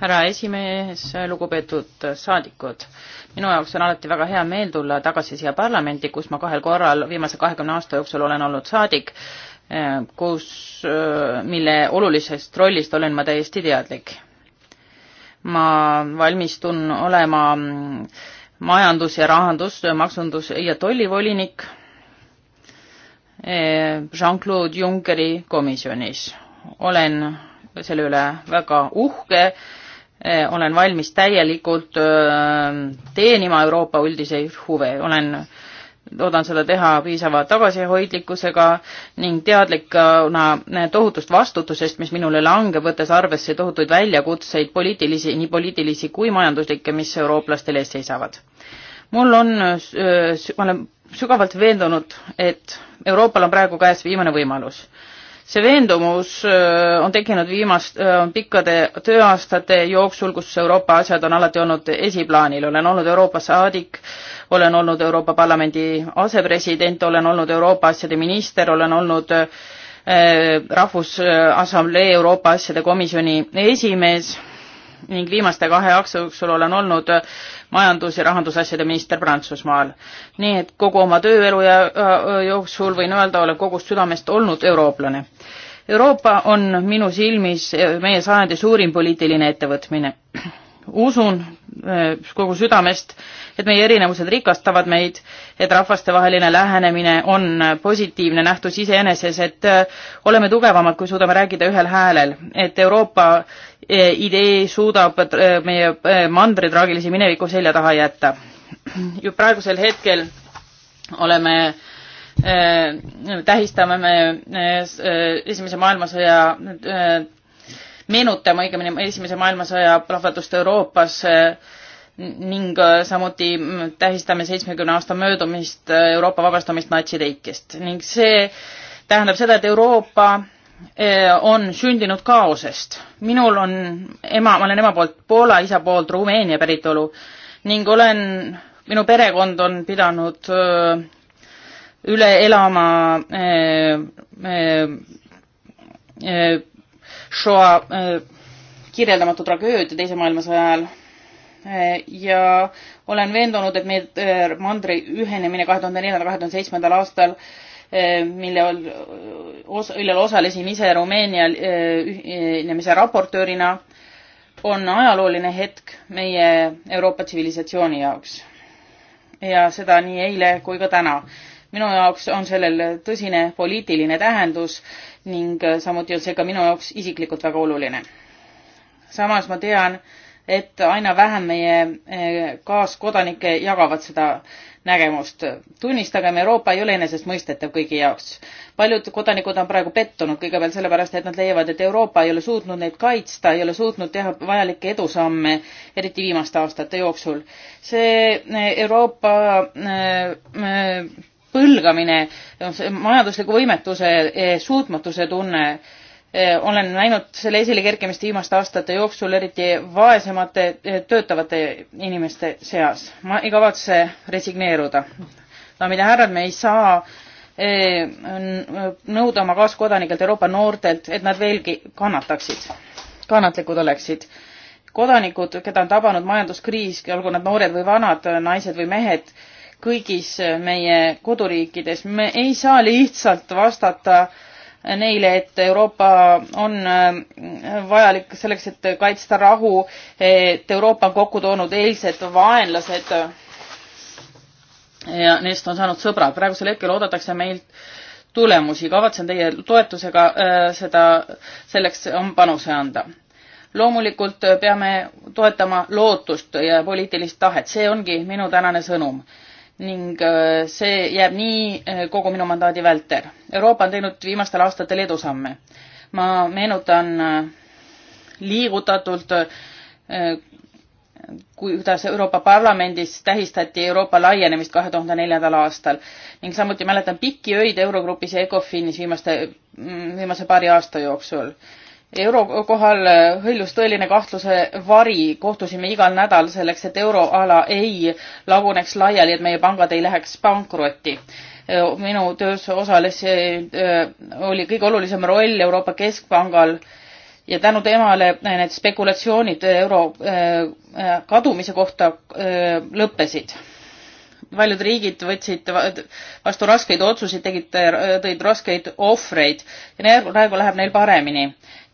härra esimees, lugupeetud saadikud, minu jaoks on alati väga hea meel tulla tagasi siia parlamenti, kus ma kahel korral viimase kahekümne aasta jooksul olen olnud saadik, eh, kus, eh, mille olulisest rollist olen ma täiesti teadlik. ma valmistun olema mm, majandus- ja rahandus-, maksundus- ja tollivolinik eh, Jean-Claude Junckeri komisjonis. olen selle üle väga uhke, eh, olen valmis täielikult eh, teenima Euroopa üldiseid huve, olen loodan seda teha piisava tagasihoidlikkusega ning teadlikuna tohutust vastutusest, mis minule langeb, võttes arvesse tohutuid väljakutseid, poliitilisi, nii poliitilisi kui majanduslikke, mis eurooplastel ees seisavad. mul on, eh, ma olen sügavalt veendunud, et Euroopal on praegu käes viimane võimalus see veendumus äh, on tekkinud viimast, äh, pikkade tööaastate jooksul, kus Euroopa asjad on alati olnud esiplaanil. olen olnud Euroopa saadik, olen olnud Euroopa Parlamendi asepresident, olen olnud Euroopa asjade minister, olen olnud äh, Rahvusassamblee Euroopa asjade komisjoni esimees ning viimaste kahe aasta jooksul olen olnud majandus- ja rahandusasjade minister Prantsusmaal. nii et kogu oma tööelu ja jooksul võin öelda, olen kogust südamest olnud eurooplane. Euroopa on minu silmis meie sajandi suurim poliitiline ettevõtmine. usun kogu südamest, et meie erinevused rikastavad meid, et rahvastevaheline lähenemine on positiivne nähtus iseeneses, et oleme tugevamad, kui suudame rääkida ühel häälel, et Euroopa Eh, idee suudab eh, meie eh, mandri traagilise mineviku selja taha jätta. ju praegusel hetkel oleme tähistame me Esimese maailmasõja, meenutame õigemini Esimese maailmasõja plahvatust Euroopas ning samuti mm, tähistame seitsmekümne aasta möödumist Euroopa vabastamist natsiteikest ning see tähendab seda, et Euroopa Äh, on sündinud kaosest. minul on ema, ma olen ema poolt Poola, isa poolt Rumeenia päritolu ning olen, minu perekond on pidanud öö, äh, üle elama äh, Shoa kirjeldamatu tragöödia Teise maailmasõja ajal ja olen veendunud, et meie mandri ühenemine kahe tuhande neljandal, kahe tuhande seitsmendal aastal öö, Eh, mille os-, millel osalesin ise Rumeenia eh, ühinemise raportöörina, on ajalooline hetk meie Euroopa tsivilisatsiooni jaoks. ja seda nii eile kui ka täna. minu jaoks on sellel tõsine poliitiline tähendus ning samuti on see ka minu jaoks isiklikult väga oluline. samas ma tean, et aina vähem meie eh, kaaskodanikke jagavad seda nägemust. tunnistagem, Euroopa ei ole enesestmõistetav kõigi jaoks. paljud kodanikud on praegu pettunud kõigepealt sellepärast, et nad leiavad, et Euroopa ei ole suutnud neid kaitsta, ei ole suutnud teha vajalikke edusamme, eriti viimaste aastate jooksul. see eh, Euroopa eh, põlgamine, majandusliku võimetuse, suutmatuse tunne Äh, olen näinud selle esilekerkimist viimaste aastate jooksul, eriti vaesemate äh, töötavate inimeste seas. ma ei kavatse resigneeruda. daamid ja härrad, me ei saa äh, nõuda oma kaaskodanikelt, Euroopa noortelt, et nad veelgi kannataksid, kannatlikud oleksid. kodanikud, keda on tabanud majanduskriis, olgu nad noored või vanad, naised või mehed, kõigis meie koduriikides, me ei saa lihtsalt vastata äh, neile, et Euroopa on äh, vajalik selleks, et kaitsta rahu, et Euroopa on kokku toonud eilsed vaenlased ja neist on saanud sõbrad. praegusel hetkel oodatakse meilt tulemusi, kavatsen teie toetusega äh, seda, selleks panuse anda loomulikult peame toetama lootust ja poliitilist tahet, see ongi minu tänane sõnum ning äh, see jääb nii äh, kogu minu mandaadi vältel. Euroopa on teinud viimastel aastatel edusamme. ma meenutan äh, liigutatult, kuidas Euroopa Parlamendis tähistati Euroopa laienemist kahe tuhande neljandal aastal ning samuti mäletan pikki öid Eurogrupis ja ECOFINis viimaste, mm, viimase paari aasta jooksul euro kohal hõljus tõeline kahtluse vari, kohtusime igal nädal selleks, et euroala ei laguneks laiali, et meie pangad ei läheks pankrotti. minu töös osales, oli kõige olulisem roll Euroopa Keskpangal ja tänu temale need spekulatsioonid euro eh, eh, kadumise kohta eh, lõppesid paljud riigid võtsid vastu raskeid otsuseid, tegid, tõid raskeid ohvreid ja praegu läheb neil paremini.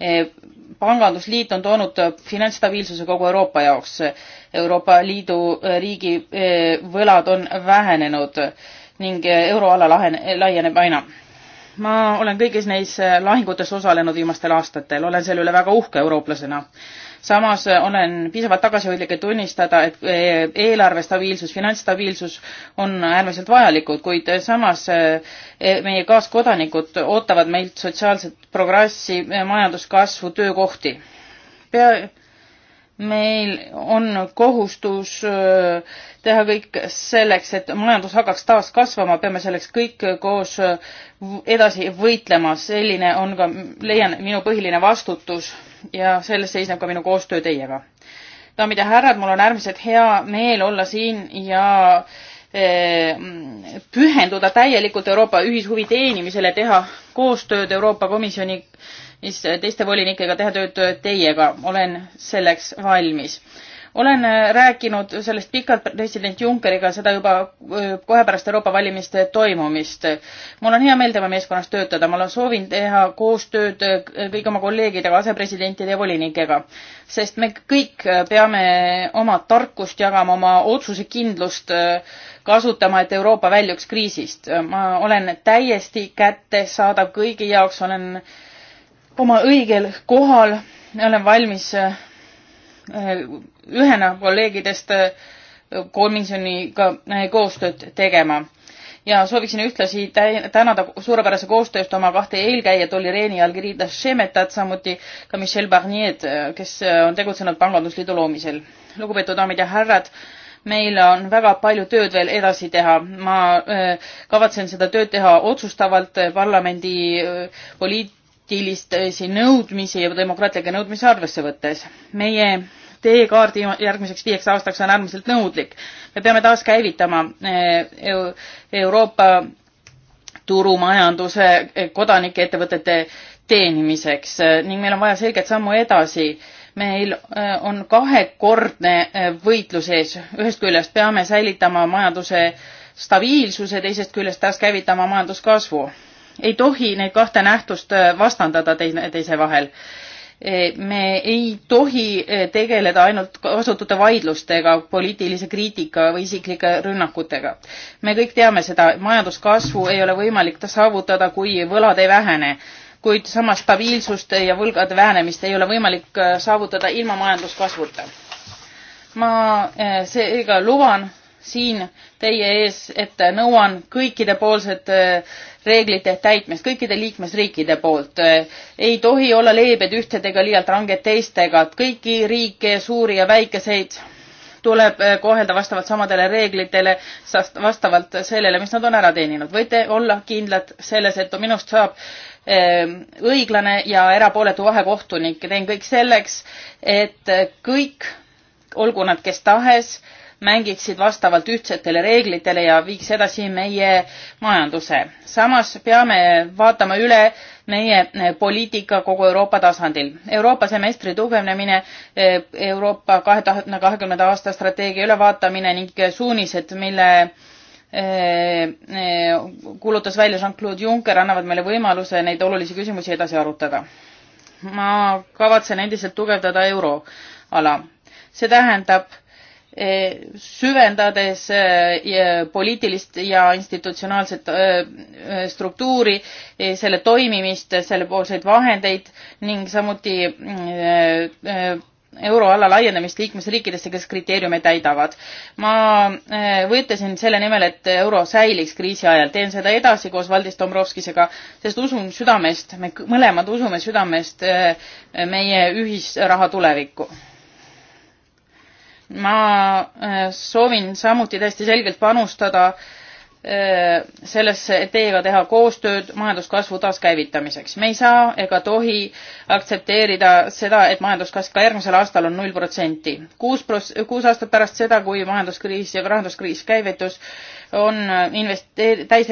Eh, pangandusliit on toonud finantsstabiilsuse kogu Euroopa jaoks. Euroopa Liidu eh, riigi eh, võlad on vähenenud ning euroala laieneb aina. ma olen kõigis neis lahingutes osalenud viimastel aastatel, olen selle üle väga uhke eurooplasena samas eh, olen piisavalt tagasihoidlik, et tunnistada, et eh, eelarve stabiilsus, finantsstabiilsus on äärmiselt vajalikud, kuid eh, samas meie kaaskodanikud ootavad meilt sotsiaalset progressi, majanduskasvu, töökohti. pea, meil on kohustus äh, teha kõik selleks, et majandus hakkaks taas kasvama, peame selleks kõik koos äh, edasi võitlema, selline on ka, leian, minu põhiline vastutus ja selles seisneb ka minu koostöö teiega. daamid ja härrad, mul on äärmiselt hea meel olla siin ja äh, pühenduda täielikult Euroopa ühishuvi teenimisele, teha koostööd Euroopa Komisjoni, teiste volinikega teha tööd teiega, olen selleks valmis olen äh, rääkinud sellest pikalt president Junckeriga, seda juba äh, kohe pärast Euroopa valimiste toimumist. mul on hea meel tema meeskonnas töötada, ma soovin teha koostööd äh, kõigi oma kolleegidega, asepresidentide ja volinikega, sest me kõik peame oma tarkust jagama, oma otsusekindlust kasutama, et Euroopa väljuks kriisist. ma olen täiesti kättesaadav kõigi jaoks, olen oma õigel kohal, olen valmis ühena kolleegidest äh, komisjoniga äh, koostööd tegema. ja sooviksin ühtlasi tänada suurepärase koostöö eest oma kahte eelkäijat, Olli Rehni ja Algerida Šemetat, samuti ka Michel Barnier'd, äh, kes on tegutsenud pangandusliidu loomisel. lugupeetud daamid ja härrad, meil on väga palju tööd veel edasi teha. ma kavatsen seda tööd teha otsustavalt parlamendi poliit-, poliitilisi nõudmisi ja demokraatlikke nõudmisi arvesse võttes. meie teekaardi järgmiseks viieks aastaks on äärmiselt nõudlik. me peame taaskäivitama eh, Euroopa turumajanduse eh, kodanike ettevõtete teenimiseks eh, ning meil on vaja selget sammu edasi meil on kahekordne võitlus ees. ühest küljest peame säilitama majanduse stabiilsuse, teisest küljest taaskäivitama majanduskasvu ei tohi neid kahte nähtust äh, vastandada teineteise vahel. E, me ei tohi e, tegeleda ainult kasutute vaidlustega, poliitilise kriitika või isiklike rünnakutega. me kõik teame seda, majanduskasvu ei ole võimalik saavutada, kui võlad ei vähene, kuid samas stabiilsust ja võlgade vähenemist ei ole võimalik äh, saavutada ilma majanduskasvuta. ma e, seega luban siin teie ees, et nõuan kõikide poolset eh, reeglite täitmist, kõikide liikmesriikide poolt. Eh, ei tohi olla leebed ühtedega, liialt ranged teistega, et kõiki riike, suuri ja väikeseid, tuleb eh, kohelda vastavalt samadele reeglitele, vastavalt sellele, mis nad on ära teeninud. võite olla kindlad selles, et minust saab õiglane ja erapooletu vahekohtunik. teen kõik selleks, et kõik, olgu nad kes tahes, mängiksid vastavalt ühtsetele reeglitele ja viiks edasi meie majanduse. samas peame vaatama üle meie eh, poliitika kogu Euroopa tasandil. Euroopa semestri tugevnemine, eh, Euroopa kahe tuhande kahekümnenda aasta strateegia ülevaatamine ning suunised, mille eh, kuulutas välja Jean-Claude Juncker, annavad meile võimaluse neid olulisi küsimusi edasi arutada. ma kavatsen endiselt tugevdada euroala. see tähendab Eh, süvendades eh, poliitilist ja institutsionaalset eh, struktuuri, selle toimimist, sellepoolseid vahendeid ning samuti mm, euroala laiendamist liikmesriikidesse, kes kriteeriume täidavad. ma võitlesin selle nimel, et euro säiliks kriisi ajal, teen seda edasi koos Valdis Dombrovskisega, sest usun südamest, me mõlemad usume südamest meie ühisraha tulevikku ma äh, soovin samuti täiesti selgelt panustada äh, sellesse, et teiega teha koostööd majanduskasvu taaskäivitamiseks. me ei saa ega tohi aktsepteerida seda, et majanduskasv ka järgmisel aastal on null protsenti. kuus pros-, kuus aastat pärast seda, kui majanduskriis ja rahanduskriis käivitus, on investeer-, täis,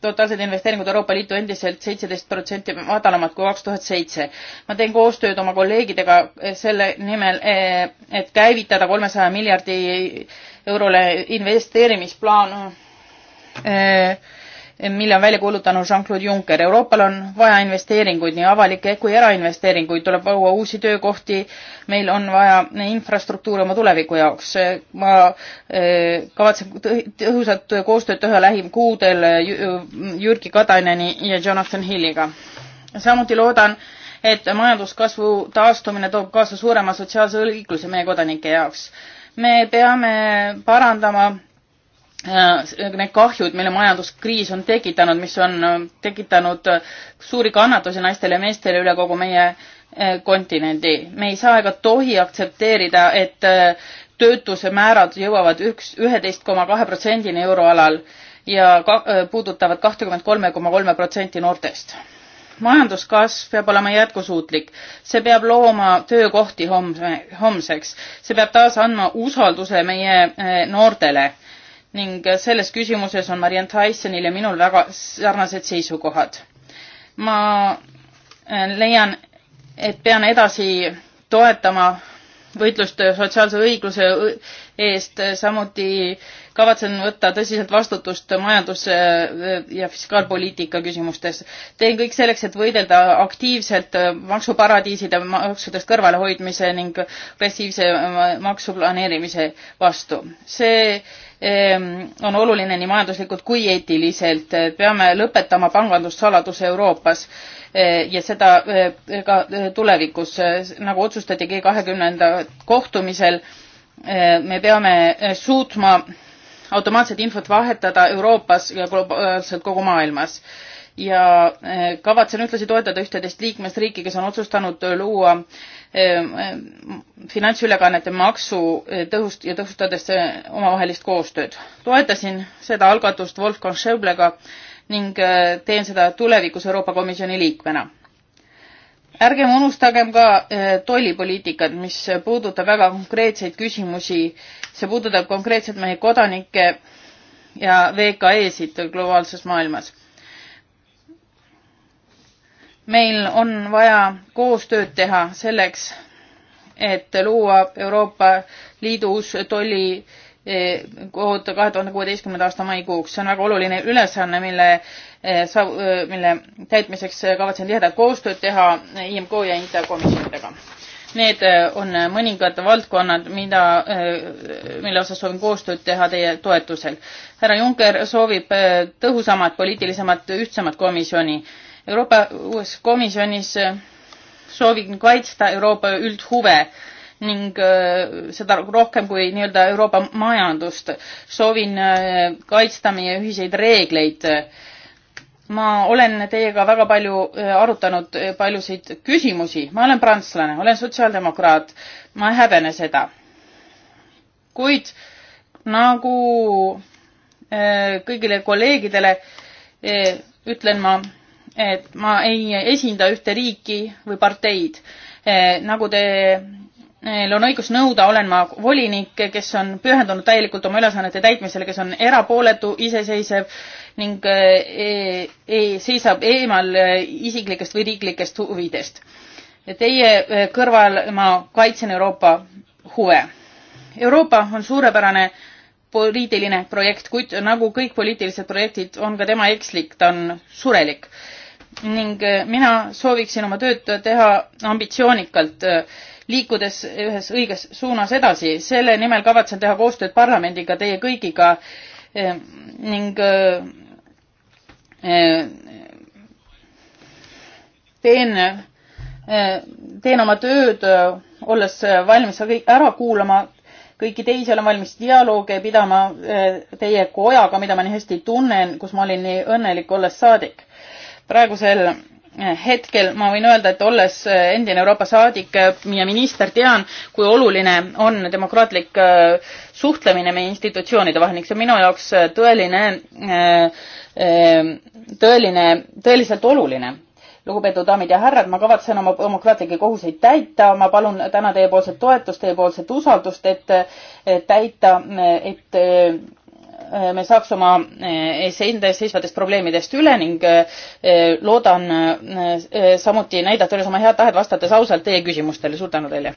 totaalsed investeeringud Euroopa Liitu endiselt seitseteist protsenti madalamad kui kaks tuhat seitse. ma teen koostööd oma kolleegidega selle nimel, eh, et käivitada kolmesaja miljardi eurole investeerimisplaan eh, mille on välja kuulutanud Jean-Claude Juncker. Euroopal on vaja investeeringuid, nii avalikke kui erainvesteeringuid, tuleb luua uusi töökohti, meil on vaja infrastruktuuri oma tuleviku jaoks. ma eh, kavatsen tõhusat koostööd teha lähikuudel Jürgi Kadaneni ja Jonathan Hilliga. samuti loodan, et majanduskasvu taastumine toob kaasa suurema sotsiaalse õigluse meie kodanike jaoks. me peame parandama Äh, need kahjud, mille majanduskriis on tekitanud, mis on äh, tekitanud äh, suuri kannatusi naistele ja meestele üle kogu meie kontinendi. me ei saa ega tohi aktsepteerida, et töötuse määrad jõuavad üks, üheteist koma kahe protsendini euroalal ja ka, puudutavad kahtekümmet kolme koma kolme protsenti noortest. majanduskasv peab olema jätkusuutlik, see peab looma töökohti homse, homseks, see peab taas andma usalduse meie noortele ning selles küsimuses on Marianne Tysonil ja minul väga sarnased seisukohad. ma äh, leian, et pean edasi toetama võitlust sotsiaalse õigluse eest, samuti kavatsen võtta tõsiselt vastutust majandus- ja fiskaalpoliitika küsimustes. teen kõik selleks, et võidelda aktiivselt maksuparadiiside maksudest kõrvalehoidmise ning passiivse maksuplaneerimise vastu. see ehm, on oluline nii majanduslikult kui eetiliselt. peame lõpetama pangandussaladuse Euroopas e, ja seda e, ka e, tulevikus, nagu otsustati G kahekümnenda kohtumisel Äh, me peame äh, suutma automaatset infot vahetada Euroopas ja globaalselt kogu maailmas ja äh, kavatsen ühtlasi toetada ühteteist liikmesriiki, kes on otsustanud luua finantsülekannete maksu tõhust- ja tõhustades omavahelist koostööd. toetasin seda algatust Wolfgang Schäublega ning teen seda tulevikus Euroopa Komisjoni liikmena ärgem unustagem ka eh, tollipoliitikat, mis puudutab väga konkreetseid küsimusi, see puudutab konkreetselt meie kodanikke ja VKE-sid globaalses maailmas. meil on vaja koostööd teha selleks, et luua Euroopa Liidus tolli kood kahe tuhande kuueteistkümnenda aasta maikuuks. see on väga oluline ülesanne, mille, eh, eh, mille täitmiseks kavatsen tihedat koostööd teha IMK ja Inter komisjonidega. Need eh, on mõningad valdkonnad, mida, mille osas soovin koostööd teha teie toetusel. härra Juncker soovib tõhusamat, poliitilisemat, ühtsemat komisjoni. Euroopa uues komisjonis soovin kaitsta Euroopa üldhuve ning äh, seda rohkem kui nii-öelda Euroopa majandust. soovin äh, kaitsta meie ühiseid reegleid. ma olen teiega väga palju äh, arutanud paljusid küsimusi, ma olen prantslane, olen sotsiaaldemokraat, ma ei häbene seda. kuid nagu kõigile kolleegidele ütlen ma, et ma ei esinda ühte riiki või parteid. nagu te neil on õigus nõuda, olen ma volinik, kes on pühendunud täielikult oma ülesannete täitmisele, kes on erapooletu, iseseisev ning eh, e, e, seisab eemal eh, isiklikest või riiklikest huvidest. Teie eh, kõrval ma kaitsen Euroopa huve. Euroopa on suurepärane poliitiline projekt, kuid nagu kõik poliitilised projektid, on ka tema ekslik, ta on surelik. ning mina sooviksin oma tööd teha ambitsioonikalt liikudes ühes õiges suunas edasi. selle nimel kavatsen teha koostööd parlamendiga, teie kõigiga eh, ning eh, eh, teen, teen oma tööd, olles valmis ära kuulama kõiki teisi, olen valmis dialoogi pidama teie kojaga, mida ma nii hästi tunnen, kus ma olin nii õnnelik, olles saadik. praegusel hetkel ma võin öelda, et olles endine Euroopa saadik ja minister, tean, kui oluline on demokraatlik äh, suhtlemine meie institutsioonide vahel ning see on minu jaoks äh, tõeline, äh, tõeline, tõeliselt oluline. lugupeetud daamid ja härrad, ma kavatsen oma demokraatlikke kohuseid täita, ma palun täna teiepoolset toetust, teiepoolset usaldust, et täita, et Eh, me saaks oma enda eh, ees seisvatest probleemidest üle ning eh, loodan samuti näidata üles oma head tahet vastates ausalt teie küsimustele. suur tänu teile!